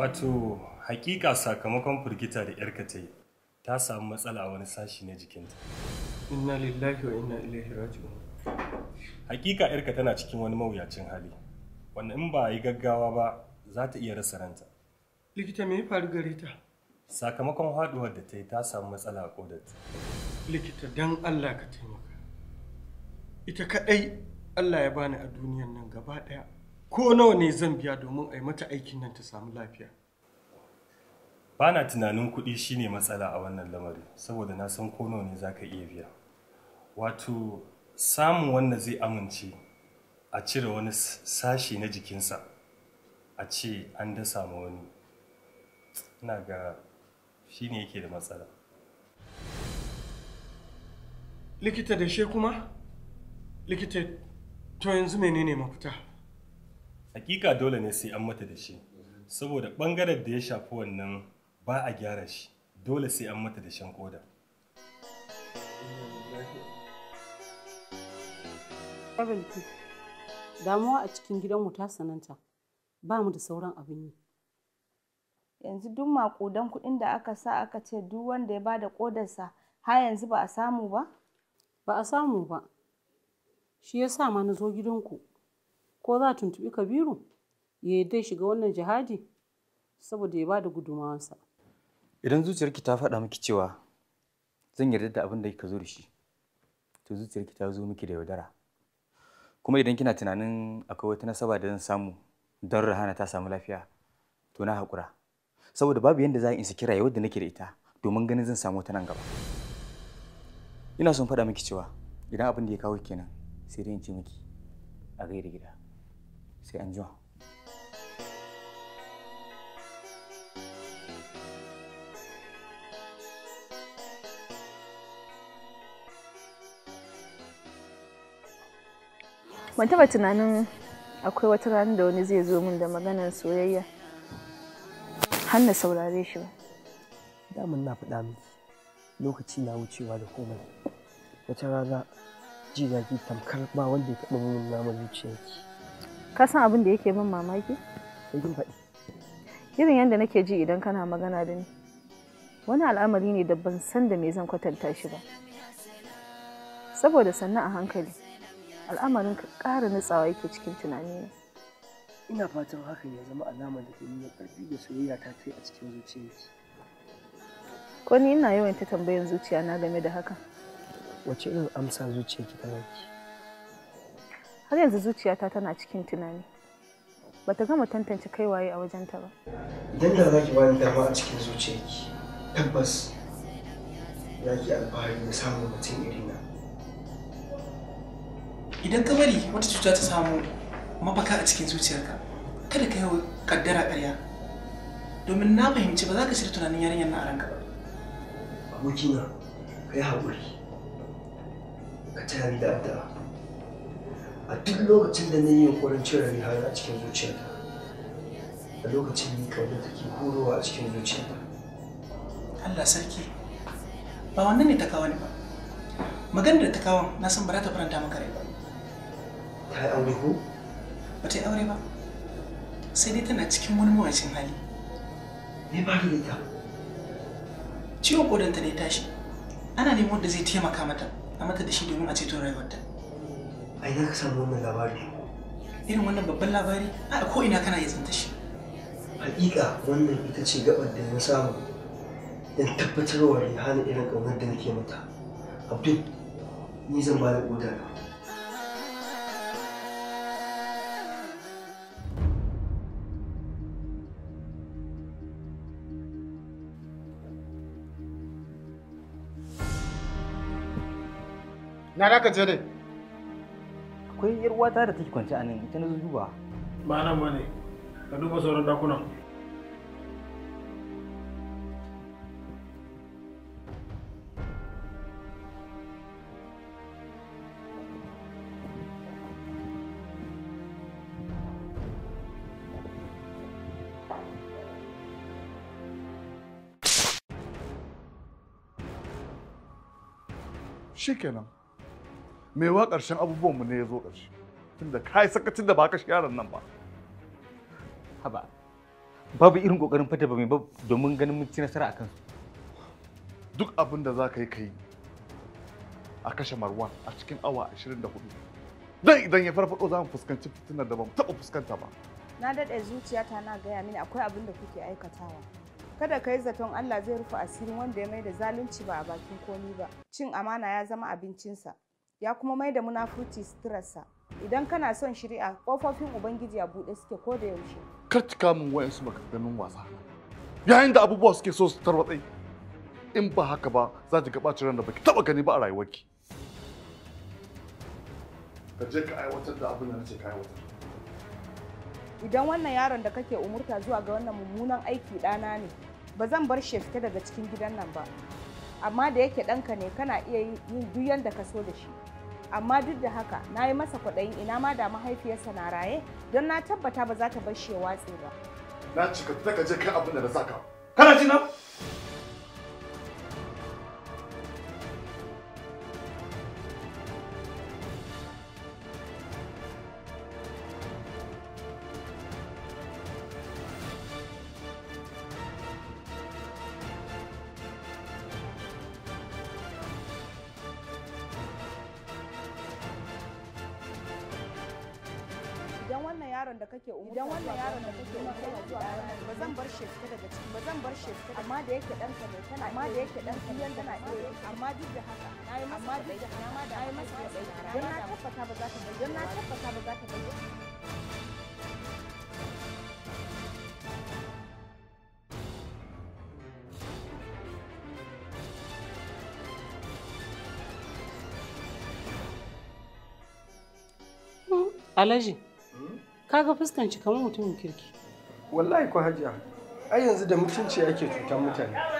wato hakika sakamakon firgita da yarka ta yi ta samu matsala a wani sashi na jikinta inna lillahi wa inna ilaihi raji'un hakika yarka tana cikin wani mawuyacin hali wanda in ba a yi gaggawa ba za ta iya rasa ranta likita me ya faru gare ta sakamakon haduwar da ta yi ta samu matsala a ta likita dan allah ka taimaka ita kadai allah ya bani a duniyar nan gaba daya ko nawa ne zan biya domin a yi mata aikin nan ta samu lafiya ba na tunanin kuɗi shine matsala a wannan lamari saboda na san ko nawa ne za ka iya biya wato samun wanda zai amince a cire wani sashi na jikinsa a ce an dasa ma wani ina ga shine yake da matsala likita da she kuma likita to yanzu menene mafita hakika dole ne sai an mata da shi saboda bangaren da ya shafi wannan ba a gyara shi dole sai an mata da shan koda damuwa a cikin gidanmu ta sananta ba mu da sauran abin yi yanzu duk makudan kuɗin da aka sa aka ce duk wanda ya bada kodarsa har yanzu ba a samu ba ba a samu ba shi ya sa ma na zo gidanku ko za a tuntuɓi kabiru ya yadda dai shiga wannan jihadi saboda ya ba da gudunmawansa idan zuciyarki ta faɗa miki cewa zan yarda da abin da kika zo da shi to zuciyarki ta zo miki da yaudara kuma idan kina tunanin akwai wata nasaba da zan samu don rahana ta samu lafiya to na haƙura saboda babu yadda za a isa kira yau da nake da ita domin ganin zan samu ta nan gaba ina son faɗa miki cewa idan abin da ya kawo kenan sai dai in ce miki a gaida gida sai an ban taba tunanin akwai wata ranar da wani zai zo min da maganar soyayya hanna saurare shi ba damun na faɗa min, lokaci na wucewa da komai wata rana ji zaki tamkar ba wanda ya taɓa mun naman zuciyarki ka san abin da yake min mamaki sai faɗi irin yadda nake ji idan kana magana da ni wani al'amari ne da ban san da me zan kwatanta shi ba saboda sannan a hankali al'amarin ka ƙara nutsawa yake cikin tunanina ina fatan hakan ya zama alamar da ke nuna ƙarfi da soyayya ta kai a cikin zuciyarki ko ni ina yawan ta tambayan zuciya na game da hakan wace irin amsa zuciyarki ta baki har yanzu zuciyata tana cikin tunani bata gama tantance kai waye a wajenta ba idan da zaki bani dama a cikin zuciyarki tabbas zaki alfahari da samun mutum irin na. idan ka bari wata cuta ta samu mafaka a cikin zuciyarka kada ka yi kaddara ƙarya domin na fahimci ba za ka shirya tunanin yarinyar na a ranka ba abokina ka yi haƙuri ka tayar da addu'a a duk lokacin da na yin yunkurin cire rihana a cikin zuciyata a lokacin ni kawai take hurowa a cikin zuciyata Allah sarki ba wannan ne ta kawo ne ba maganar da ta kawo na san ba za ta faranta maka rai ba ta yi aure ko ba ta yi aure ba sai dai tana cikin wani mawacin hali me ba da ita ciwon kodanta ne tashi ana neman wanda zai taimaka mata a mata da shi domin a ceto rayuwarta ai za ka samu wannan labari irin wannan babban labari a ko ina kana iya zanta shi hakika wannan ita ce gabar da na samu don tabbatarwa da hana irin ƙaunar da nake mata abdul ni zan ba da ƙoda na Na raka je dai. akwai yar da take kwance a nan ita na duba ba nan ba ne ka duba sauran dakunan shikenan mai wa ƙarshen abubuwanmu ne ya zo ƙarshe tunda ka yi sakacin da ba ka shiga yaron nan ba haba babu irin ƙoƙarin fata ba mai ba domin ganin mun ci nasara akan duk abin da za ka yi ka yi a kashe marwan a cikin awa 24 dan idan ya farfado za mu fuskanci fitinar da ba mu taɓa fuskanta ba na daɗe zuciyata na gaya mini akwai abin da kuke aikatawa kada ka yi zaton Allah zai rufe asirin wanda ya mai da zalunci ba a bakin komi ba cin amana ya zama abincinsa ya kuma mai da munafurci suturarsa idan kana son shari'a kofofin ubangiji a buɗe suke ko da yaushe kar cika min wayansu maganganun wasa yayin da abubuwa suke so su tarwatsai in ba haka ba za ta ga ɓacin ran da baki taɓa gani ba a rayuwarki ka je ka aiwatar da abin da nace ka aiwatar idan wannan yaron da kake umurta zuwa ga wannan mummunan aiki ɗana ne ba zan bar shi fita daga cikin gidan nan ba amma da yake ɗanka ne kana iya yin duk yadda ka so da shi amma duk da haka na yi masa kwaɗayin ina ma da mahaifiyarsa na raye don na tabbata ba za ta bar shi ya watse ba. Na cika ta ka je kan abin da na saka. Kana ji na? amma duk da haka na yi masa da dama da yi masa da na tabbata ba za ta bai na tabbata ba za ta bai Alhaji, kaga fuskanci kamar mutumin kirki. Wallahi ko hajiya, ai yanzu da mutunci ake cutar mutane.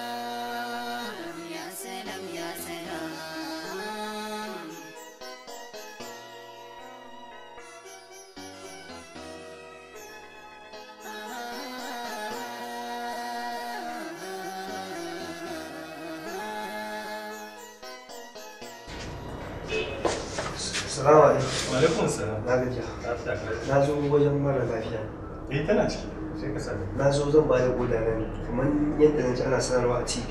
Assalamu alaikum. Na gaji. Na zo wajen mara lafiya. Eh, tana ciki. Sai ka Na zo zan ba da ne kamar yadda ana sanarwa a TV.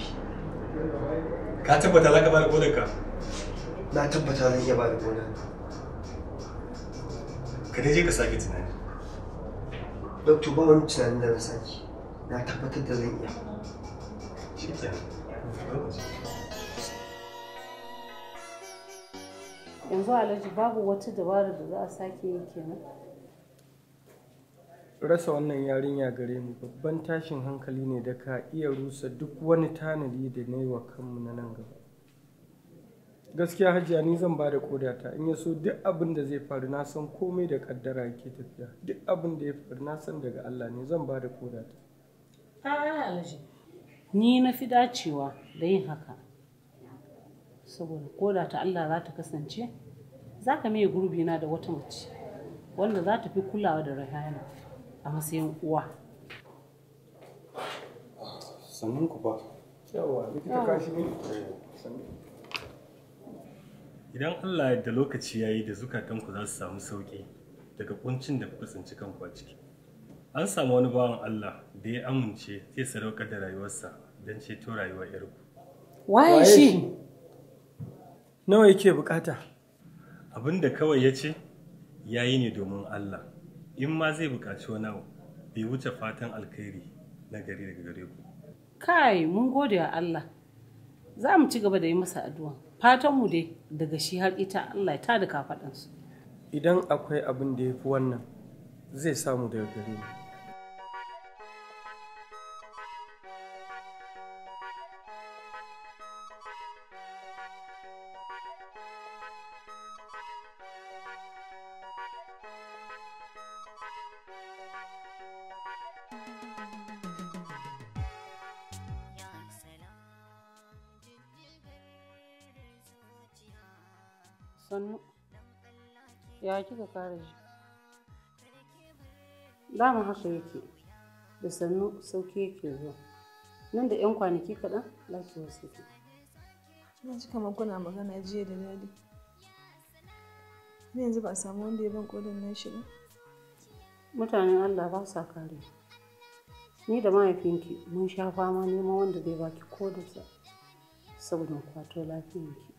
Ka tabbata za ka ba da Na tabbata zan iya ba da Ka dai je ka sake tunani. yanzu alhaji babu wata dabara da za a sake yi kenan rasa wannan yarinya gare mu babban tashin hankali ne da ka iya rusa duk wani tanadi da na yi wa kanmu na nan gaba gaskiya hajiya ni zan ba da kodata in ya so duk abin da zai faru na san komai da kaddara yake tafiya duk abin da ya faru na san daga Allah ne zan ba da kodata a'a alhaji ni na fi dacewa da yin haka saboda ko da ta Allah za ta kasance za ka maye gurbi na da wata mace wanda za ta fi kulawa da rahana a matsayin uwa sannan ku ba yawa likita kashi ne eh. idan Allah yadda lokaci ya yi da zukatanku za su samu sauƙi daga kuncin da kuka tsinci kanku a ciki an samu wani bawan Allah da ya amince zai sadaukar da rayuwarsa don ceto rayuwar yarku waye shi nawa yake bukata abin da kawai ya ce ya yi ne domin allah in ma zai bukaci wani bai wuce fatan alkhairi na gari daga gare ku kai mun gode a allah za mu ci gaba da yi masa addu'a fatan mu dai daga shi har ita allah ya tada kafaɗansu idan akwai abin da ya fi wannan zai samu daga gare mu kika kare shi dama haka yake da sannu sauki yake zuwa nan da 'yan kwanaki kaɗan laki wasu ke na ji kamar kuna magana jiya da dadi ni yanzu ba samu wanda ya ban kodin na shi ba mutanen allah ba sa kare ni da mahaifinki mun sha fama neman wanda zai baki kodinsa saboda kwato lafiyarki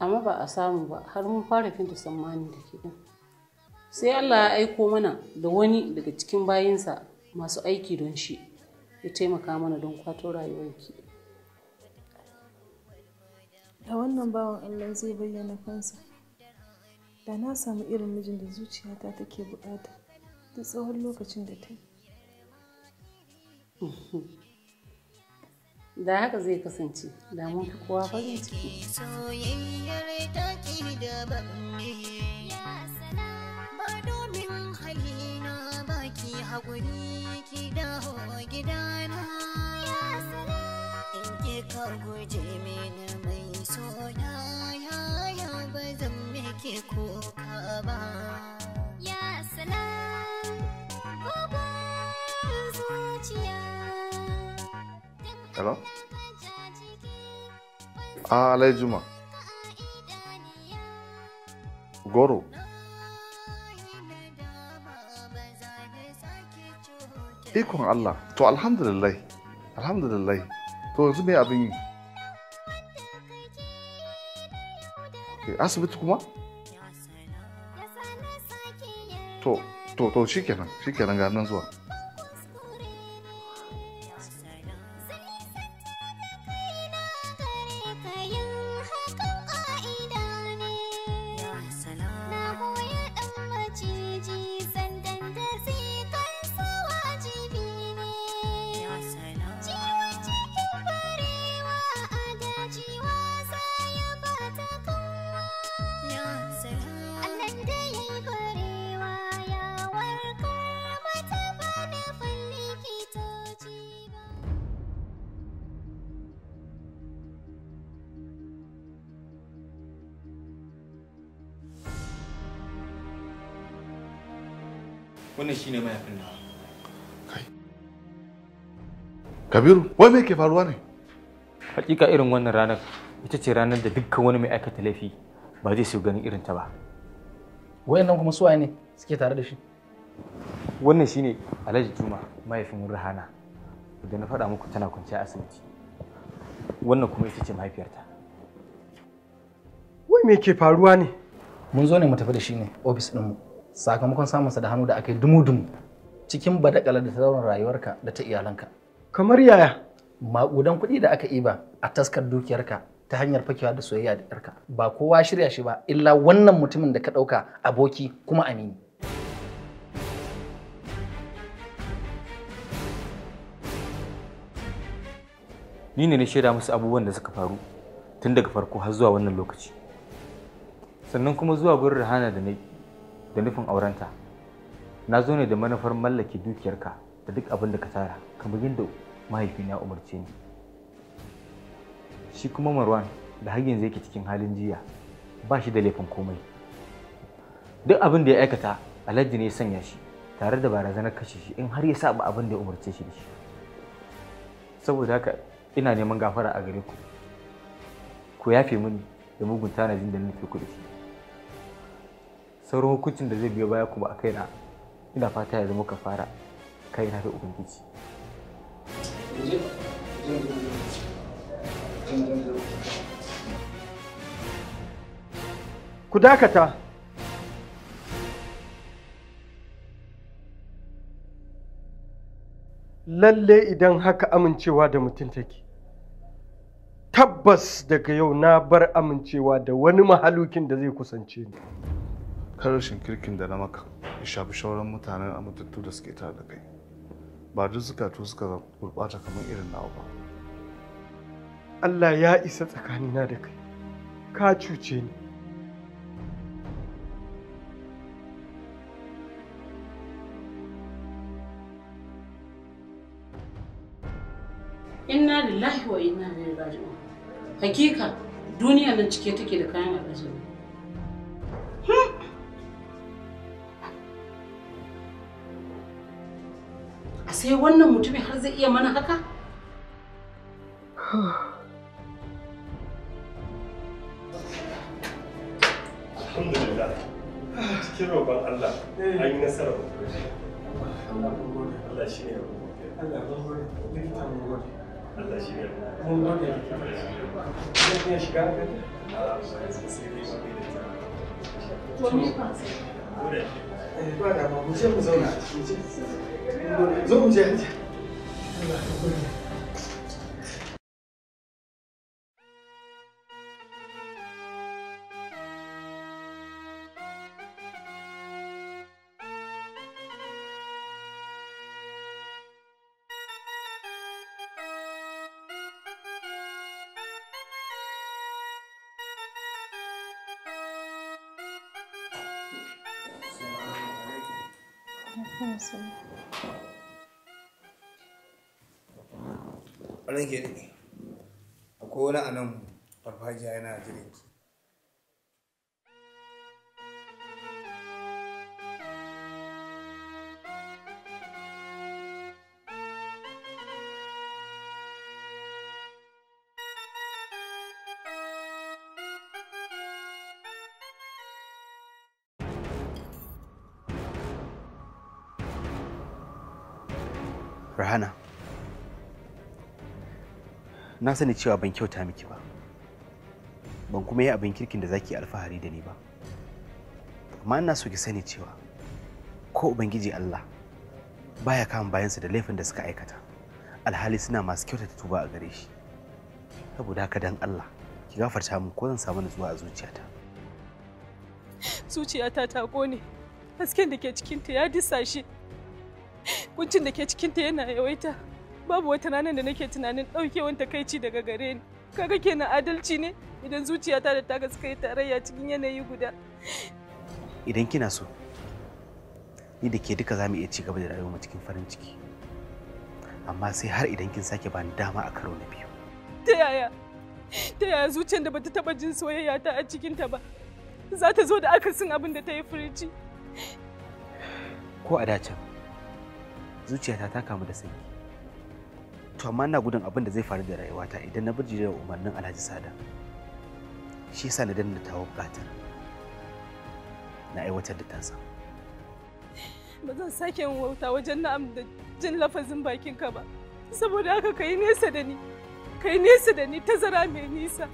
amma ba a samu ba har mun fara finta tsammani da ke sai Allah ya aiko mana da wani daga cikin bayinsa masu aiki don shi ya taimaka mana don kwato rayuwarki da wannan bawan Allah zai bayyana kansa da na samu irin mijin da zuciyata take bukata duk tsawon lokacin da ta yi da haka zai kasance da mun fi kowa farin ciki Haguri ya ka guje mai sona ya ya bazan miki kuka ba. hello Ah, Ale juma goro ikon allah to alhamdulillah alhamdulillah to yanzu me abin yi asibiti kuma to to to shikenan shikenan ga nan zuwa kabiru wai me ke faruwa ne hakika irin wannan ranar ita ce ranar da dukkan wani mai aikata laifi ba zai so ganin irin ta ba wayannan kuma suwaye ne suke tare da shi wannan shine alhaji juma mahaifin rahana da na faɗa muku tana kwanciya asibiti wannan kuma ita ce mahaifiyarta wai me ke faruwa ne mun zo ne mu tafi da shi ne ofis ɗinmu sakamakon samunsa da hannu da aka yi dumu-dumu cikin badakalar da ta rayuwarka da ta iyalanka Kamar yaya? Maƙudan kuɗi da aka iba a taskar dukiyarka ta hanyar fakewa da soyayya da ɗarka? ba kowa shirya shi ba illa wannan mutumin da ka ɗauka aboki kuma amini ni ne na shaida musu abubuwan da suka faru tun daga farko har zuwa wannan lokaci sannan kuma zuwa gurin rahana da da nufin aurenta na zo ne da manufar mallake dukiyarka da duk abin da ka tara kamar yadda mahaifina ya umarce ni shi kuma marwan da har yanzu yake cikin halin jiya ba shi da laifin komai duk abin da ya aikata alhaji ne ya sanya shi tare da barazanar kashe shi in har ya saba abin da ya umarce shi da shi saboda haka ina neman gafara a gare ku ku yafe mini da mugun tanadin da nufi ku da shi sauran hukuncin da zai biyo baya kuma a kaina ina fata ya zama fara kaina da ubangiji ku dakata lalle idan haka amincewa da mutum take tabbas daga yau na bar amincewa da wani mahalukin da zai kusance ni karshen kirkin da na maka ya shafi shauran mutanen amintattu da suke tare da kai ba duk zukatu suka gurɓata kamar irin nawa ba Allah ya isa tsakanina da kai ka cuce ni inna lillahi wa inna ilaihi raji'un hakika duniya nan cike take da kayan al'ajabi hmm. a sai wannan mutumin har zai iya mana haka alhamdulillah cikin roƙon Allah an yi nasara Allah shi ne Allah ya Allah ya Allah shi ne. Mun gode. Zan iya shiga ka? To me fa? Ba da ba, mu je mu zauna a ciki. ranke ne a wani anan farfajiya yana jirinki Rahana, na sani cewa ban kyauta miki ba, ban kuma yi abin kirkin da zaki alfahari da ni ba. Amma ina so ki sani cewa ko Ubangiji Allah baya kama bayansa da laifin da suka aikata, alhali suna masu kyautata tuba a gare shi. Saboda haka dan Allah, ki gafarta min ko zan samu nutsuwa a zuciyata. Zuciyata ta kone, hasken da ke cikinta ya disa shi. kuncin da ke cikinta yana yawaita babu wata ranar da nake tunanin ɗaukewan takaici daga gare ni kaga kenan adalci ne idan zuciyata da taka suka yi tarayya cikin yanayi guda idan kina so ni da ke duka za mu iya ci gaba da rayuwa cikin farin ciki amma sai har idan kin sake bani dama a karo na biyu ta yaya ta yaya zuciyar da bata taba jin soyayya ta a cikinta ba za ta zo da akasin abin da ta yi furici ko a dacen zuciyata ta kamu da sanyi to amma ina gudun abin da zai faru da rayuwata idan na birji da umarnin alhaji sada shi yasa na danna tawo bukatar na aiwatar da tasa ba zan sake wauta wajen na'am da jin lafazin bakinka ba saboda haka ka nesa da ni ka yi nesa da ni tazara mai nisa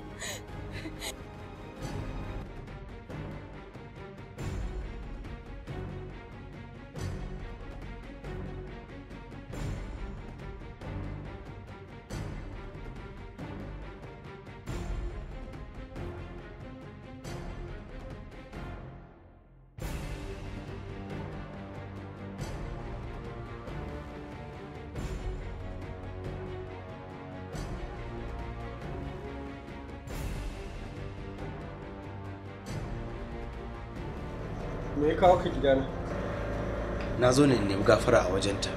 me ya kawo ka gidana na zo ne nemi gafara a wajenta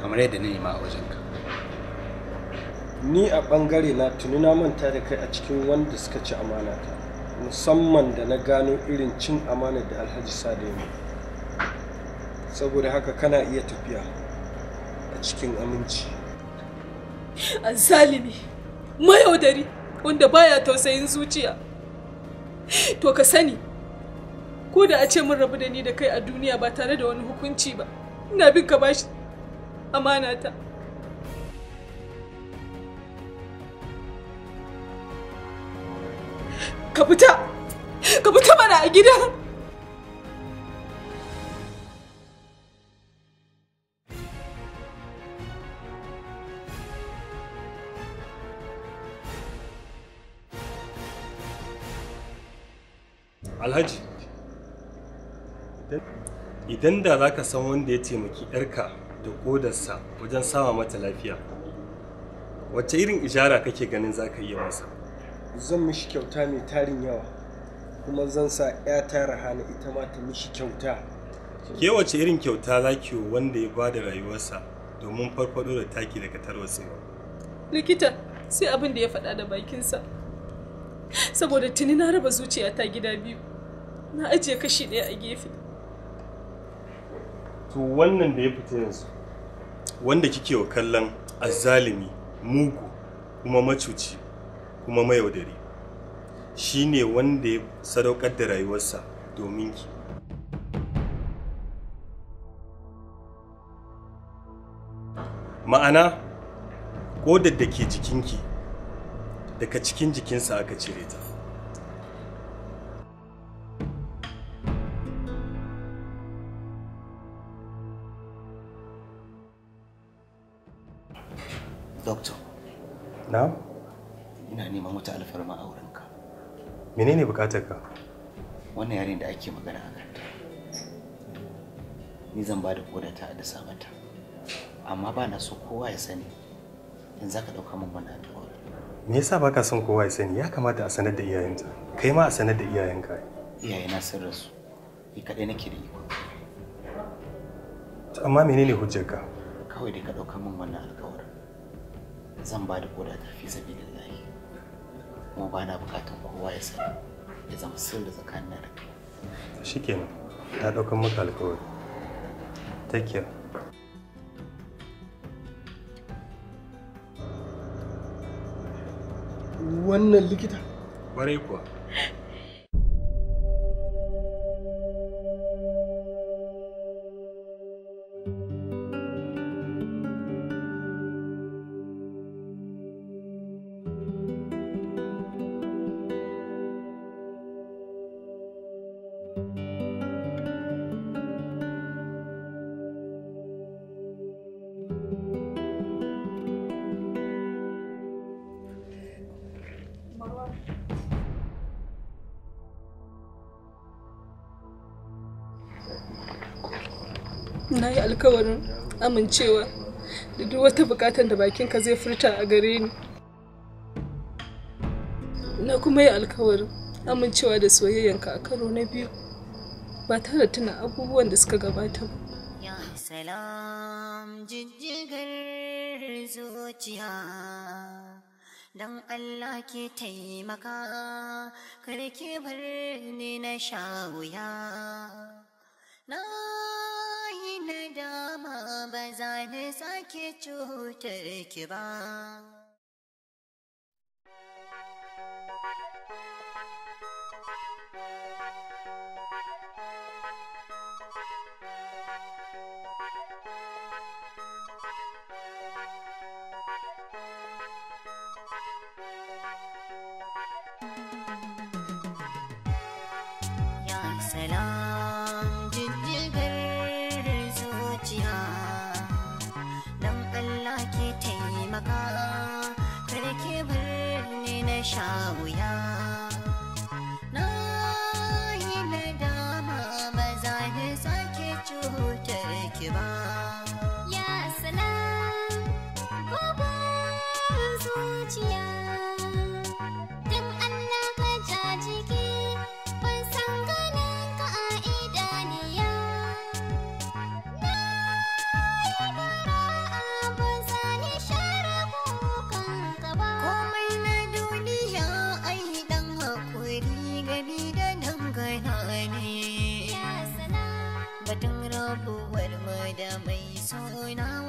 kamar yadda na ma a wajenka ni a bangare na tuni na manta da kai a cikin wanda suka ci amana ta musamman da na gano irin cin amana da alhaji sada ya saboda haka kana iya tafiya a cikin aminci zalimi mayaudari wanda baya tausayin zuciya to ka sani ko da a ce mun rabu da ni da kai a duniya ba tare da wani hukunci ba ina bin ka bashi amana ta ka fita ka fita mana a gida Alhaji idan da za ka san wanda ya taimaki yarka da kodarsa wajen sama mata lafiya wacce irin ishara kake ganin za ka iya masa zan mishi kyauta mai tarin yawa kuma zan sa 'ya tara hana ita ma ta mishi kyauta ke wace irin kyauta za ki wanda ya ba da rayuwarsa domin farfado da taki daga tarwatsewa likita sai abin da ya faɗa da bakinsa saboda tuni na raba zuciyata gida biyu na ajiye kashi ɗaya a gefe to wannan da ya fita yanzu wanda kike wa kallon azzalimi mugu kuma macuci kuma mayaudari shine wanda ya sadaukar da rayuwarsa domin ki ma'ana kodar da ke jikinki daga cikin jikinsa aka cire ta Doctor. Na? Ina neman wata alfarma a wurinka. Menene bukatar ka? Wannan yarin da ake magana a kanta. Ni zan ba da kodata da samata. Amma ba na so kowa ya sani. In za ka ɗauka min wannan alƙawari. Me yasa ba ka son kowa ya sani? Ya kamata a sanar da iyayenta. Kai ma a sanar da iyayenka. Iyayena sun rasu. Ni kaɗai nake da iko. Amma menene hujjarka? Kawai dai ka ɗauka min wannan alƙawari. zan ba da koda ta fi sabi da lahi kuma ba na bukatan kowa ya sani ya zama sirri tsakanin da kai shi kenan ta ɗaukan maka alkawari take care wannan likita ƙwarai kuwa na yi alkawarin amincewa da duk wata bukatar da bakinka zai furta a gare ni na kuma yi alkawarin amincewa da soyayyanka a karo na biyu ba tare da tuna abubuwan da suka gabata ba salam jijjigar zuciya Allah ke taimaka karki bar ni na sha wuya na ba na sake cutar ki ba que va. 誘いな